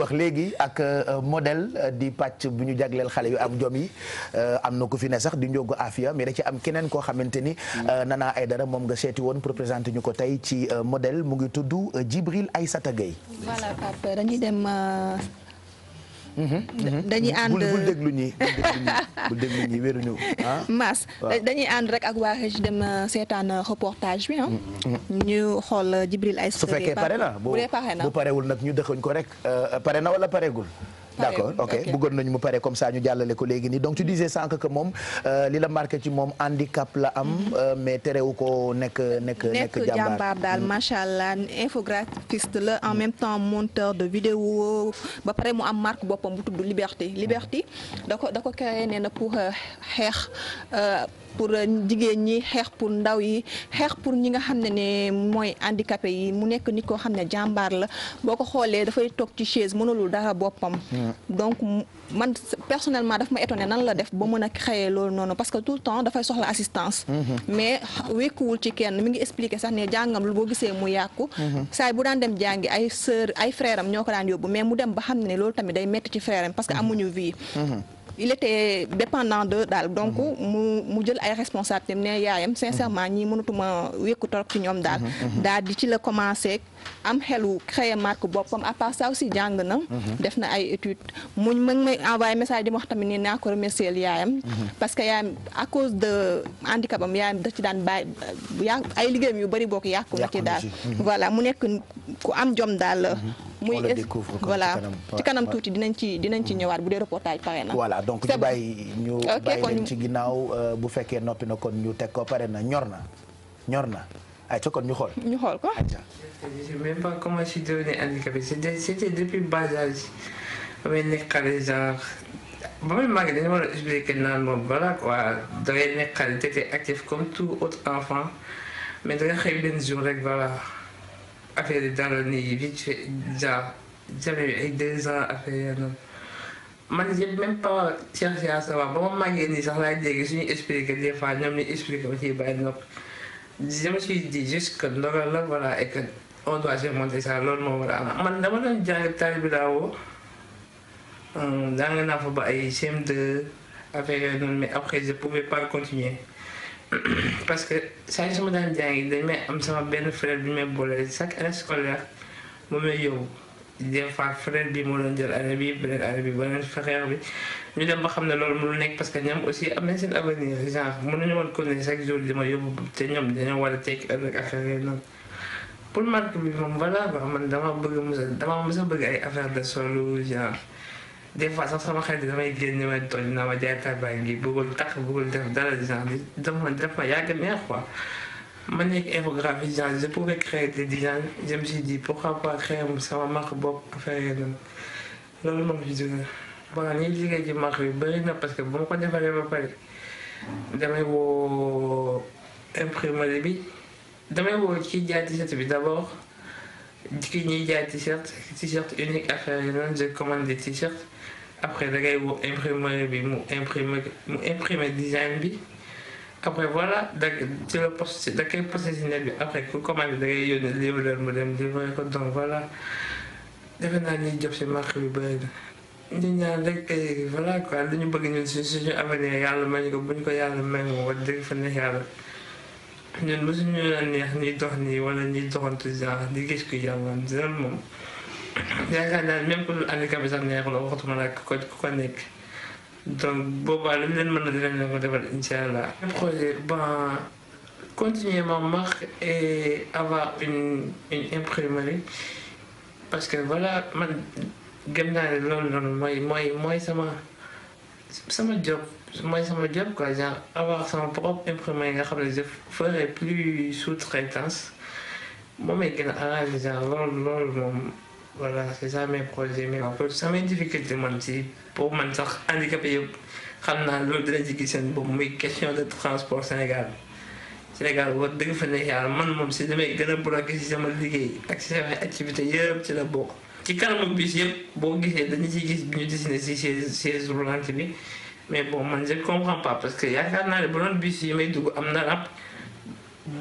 wax léegi ak euh, modèle euh, di pàcc bu ñu jagleel xale yu am jom yi euh, am na ku fi ne sax di njóogu afia mais da ci am keneen koo xamante ni mm. Nana dara moom nga seeti woon pour présenter ñu ko tey ci modèle mu ngi tudd Djibril Aïssata Gueye voilà Pape Mm-hmm. dañuy ànd bul déglu ñi bul déglu ñi wéruñu ah. Mass dañuy ànd rek ak waa Régis dem euh, seetaan euh, reportage bi ah. Mm-hmm. Mm-hmm. xool Djibril euh, Aïssa. su fekkee pare bu parewul nag ñu dëxuñ ko rek pare na wala pareegul. d'accord ok bëggoon nañu mu pare comme ça ñu jàllale ko léegi nii donc tu disais sànq que moom euh, li la marqué ci moom handicap la am mhm. euh, mais terewu ko nekk nekk nekk jàmbaar daal mhm. macha allah infographiste la en même temps monteur de vidéo ba pare mu am marque boppam bu tudd liberté liberté mhm. da ko da ko créé nee na pour euh, xeex pour euh, jigéen ñi xeex pour ndaw yi xeex pour ñi nga xam ne ne mooy handicapé yi mu nekk nit koo xam ne jàmbaar la boo ko xoolee dafay toog ci chaise mënalul dara boppam hmm. donc man personnellement daf ma étonné nan la def ba mën a xëyee loolu noonu parce que tout le temps dafay soxla assistance hmm. mais wékkuwul ci kenn mu ngi expliqué sax ne jàngam lu boo gisee mu yàqu hmm. saay bu daan dem jàngi ay sœur ay frère am ñoo ko daan yóbbu mais mu dem ba xam ne loolu tamit day metti ci frère parce que amuñu vie il était dépendant de daal donc mhm. mu mu jël ay responsabilités ne yaayam sincèrement mhm. ñi mënatuma wékku torop ci ñoom daal mhm, daal di ci la commencé am xelu créer marque boppam à part si jàng na def na ay études muñ ma ngi may envoyé message di ma wax tamit ni naa ko remercier yaayam parce que yaayam à cause de handicap am yaayam da ci daan bàyyi yaa ay liggéeyam yu bëri boo ko yàqu na ci daal voilà mu nekk ku am jom daal muy voilà ci kanam tuuti dinañ ci dinañ ci ñëwaat bu dee reportage pare na. voilà donc ñu bàyyi ñu bàyyi ci ginnaaw euh, bu fekkee noppi na kon ñu teg ko pare na ñor na ñor na ayca kon ñu xool. ñu xool ko ayca. je sais même pas comment je suis devenu handicapé c'était c'était depuis bas âge ba may nekk xale genre ba may màgg dañu war a expliquer naan moom balaa quoi dangay nekk xale t'étais actif comme tout autre enfant mais dangay xëy benn jour rek voilà. affaire yi daloon nii vite fait genre j'avais ay deux ans affaire yi man j'ai même pas cherché à savoir ba ma nii sax laa dégg suñu expliqué des fois ñoom ñu expliqué ba ciy bàyyi nopp je me suis dit juste que ndogal la voilà et que on doit surmonter ça loolu moo war man dama doon jàng taal bi daawoo euh, jàng naa fa ba ay CM2 affaire yooyu noonu mais après je pouvais continuer. parce que saa yu sama daan jàngi dañ may am sama benn frère bi may boole chaque année scolaire moom may yóbbu des fois frère bi moo doon jël arabe yi beneen arabe yi beneen frère bi ñu dem ba xam ne loolu mënul nekk parce que ñoom aussi am nañ seen avenir genre mënuñu woon ko ne chaque jour di ma yóbbu te ñoom war a tekki ëllëg affaire yooyu noonu pour marque bi moom voilà man dama bëgg musa dama musa bëgg ay affaire de solo genre des fois sax sama yi damay génn may toj na ma jaaykat baa ngi bëggul tax bëggul def dara di genre dafa dafa yàgg neex quoi. ma nekk infographie genre je pouvais créer des designs je me suis dit pourquoi pas créer sama marque bopp affaire yi noonu loolu moom fi jógee bon ñuy liggéey ci marque bi bëri na parce que bu ma ko defaree ba pare damay woo imprimerie bi damay woo ci jaay t-shirt bi d'abord. ki ñuy jaay t-shirt t-shirt unique affaire yi noonu je commande des t-shirts après dangay ngay woo imprimerie bi mu imprimer mu imprimer design bi après voilà da ci la poste da koy posté si net bi après ku commandé da ngay yónni livreur mu dem livrer ko donc voilà defe naa ñuy job si marché bi bëri na ñu ñaan rek eh, voilà quoi lu ñu bëgg ñun suñu suñu avenir yàlla may ñu ko bu ñu ko yàlla may moom wax dëgg yàlla ñun mosuñu la neex ñuy dox nii wala ñuy doxantu genre di gis ku yàlwaan dina moom yaakaar naa même ku dul handicapé sax neexu la waxatuma la ku ko ko nekk donc boobaa lu leen mën na dinañ leen ko defal incha allah. projet bon continuer ma marque et avoir une une que voilà man gëm naa ne loolu mooy mooy mooy sama sama job. mooy sama job quoi genre avoir son propre imprimerie nga xam ne je ferai plus sous-traitance moom ay gën a arrangé genre loolu loolu moom voilà c'est ça mes projets mais pour samay difficulté man si pour man sax handicapé yëpp xam naa loolu dina ci gis seen boobu muy question de transport Sénégal Sénégal wax dëgg fa ne yàlla man moom si damay gën a bloqué si sama liggéey ak si samay activité yëpp ci la bokk ci kanamu bis yëpp boo gisee dañu ciy gis bi ñu dessiné si chaise chaise roulante bi mais bon man je parce que yaakaar naa ne borom bis may dugg am na ràpp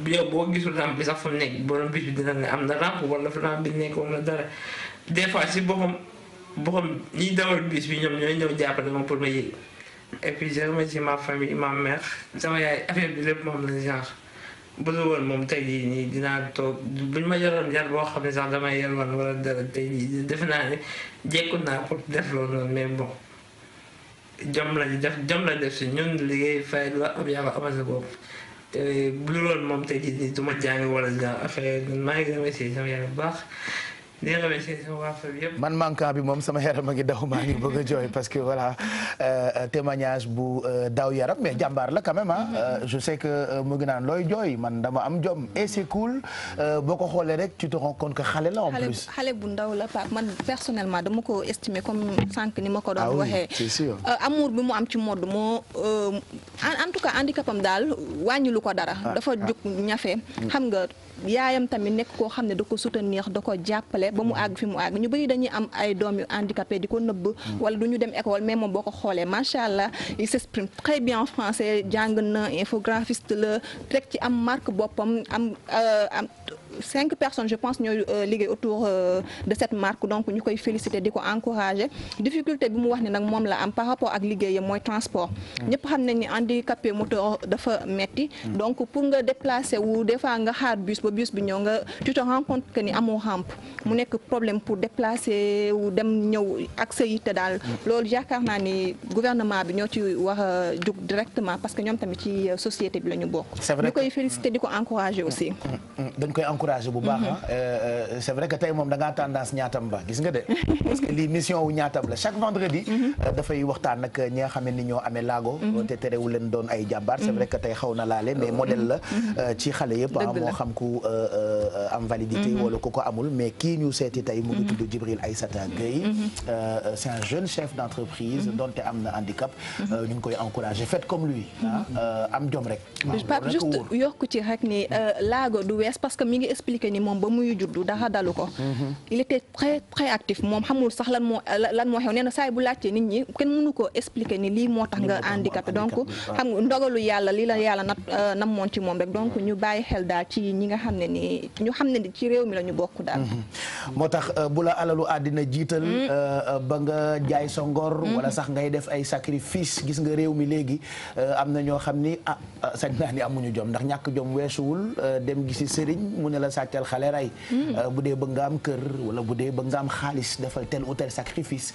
yow boo gisul ràpp bi sax fa mu nekk borom bi dina ne am na ràpp wala fa ràpp bi nekk wala dara des fois si boppam boppam ñiy dawal bis bi ñoom ñooy ñëw jàppale ma pour ma yëg ma famille ma mère affaire bi lépp moom la genre bu moom tey jii nii dinaa toog buñ ma yoroon yar boo xam ne sax damay yelwaan wala dara tey jii defe naa ne jekku naa pour def loolu noonu mais bon. jom lañ def jom lañ def si ñun liggéey fa la am yàlla amal sa bopp te bu dul woon moom tey jii du ma jàng wala affaire maa ngi remercier sama yàlla bu baax. man manquant bi moom sama yaram a ngi daw maa ngi a jooy parce que voilà euh, euh, témoignage bu euh, daw yaram mais jàmbaar la quand même ah je sais que mu ngi naan looy jooy man dama am jom et c'est boo ko xoolee rek ci te rends compte xale la en xale bu ndaw la Pape man personnellement dama ko estimé comme sànq ni ma ko doon ah waxee c'est bi mu am ci mode moo en tout cas handicapam daal wàññi ko dara ah, dafa ah. jóg ñafe xam nga yaayam tamit nekk koo xam ne da ko soutenir da ko jàppale jàppale ba mu àgg fi mu àgg ñu bëri dañuy am ay doom yu handicapé di ko nëbb wala du ñu dem école mais moom boo ko xoolee macha allah il s'exprime très bien en français jàng na infographiste la rek ci am marque boppam am euh, am cinq personnes je pense ñooy euh, liggéey autour euh, de set marque donc ñu koy féliciter di ko encourager difficulté bi mu wax ni nag moom la am par rapport ak liggéeyam mooy transport ñëpp xam nañ ni handicapé moto dafa metti donc pour nga déplacer wu des fois nga xaar bus ba bus ñëw nga tu te ni amoo rampe nekk problème pour déplacer wu dem ñëw accès yi te daal loolu yaakaar naa ni gouvernement bi ñoo ci war a jug directement parce que ñoom tamit ci société bi la ñu bokk koy féliciter di ko encourager aussi mm, mm, mm. dañ bu baax ah c'est vrai que tey da ngaa tendance ñaatam ba gis nga de parce que lii mission wu ñaatam la chaque vendredi mm-hmm. euh, dafay waxtaan nag ñi nga ni ñoo amee laago mm-hmm. te terewul leen doon ay jàmbaar c'est mm-hmm. vrai que tey xaw na laale mais modèle la ci xale yëpp ah, moo xam ku am validité wala ñu seeti tey mu ngi mhm. tudd Djibril Aïssata mhm. Gueye mhm. Euh, c'est un jeune chef d'entreprise donte am na handicap euh, ñu ngi koy encourager faites comme lui euh, am jom rek Pape juste yokku ci rek ni laago du wees parce que mi ngi expliquer ni moom ba muy juddu dara dalu ko il était très très actif moom xamul sax lan moo lan moo xew nee na saa bu laajtee nit ñi kenn mënu ko expliquer ni lii moo tax nga handicapé donc xam nga ndogalu yàlla lii la yàlla na nam moon ci moom rek donc ñu bàyyi xel daal ci ñi nga xam ne ni ñu xam ne ni ci réew mi la ñu bokk daal moo tax euh, bu la alalu àddina jiital mm. euh, euh, ba nga jaay sa ngor mm. wala sax ngay def ay sacrifice gis nga réew mi léegi am na ñoo xam ni ah, ah sañ naa ni amuñu jom ndax ñàkk jom weesuwul dem gisi sëriñ mu ne la sàccal xale ray mm. bu dee bëgg nga am kër wala bu dee bëgg nga am xaalis defal tel ou tel sacrifice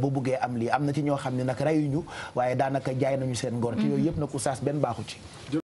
bu buggee am lii am na ci ñoo xam ne nag rayuñu waaye daanaka jaay nañu seen ngor ci yooyu yëpp nag saas benn baaxu ci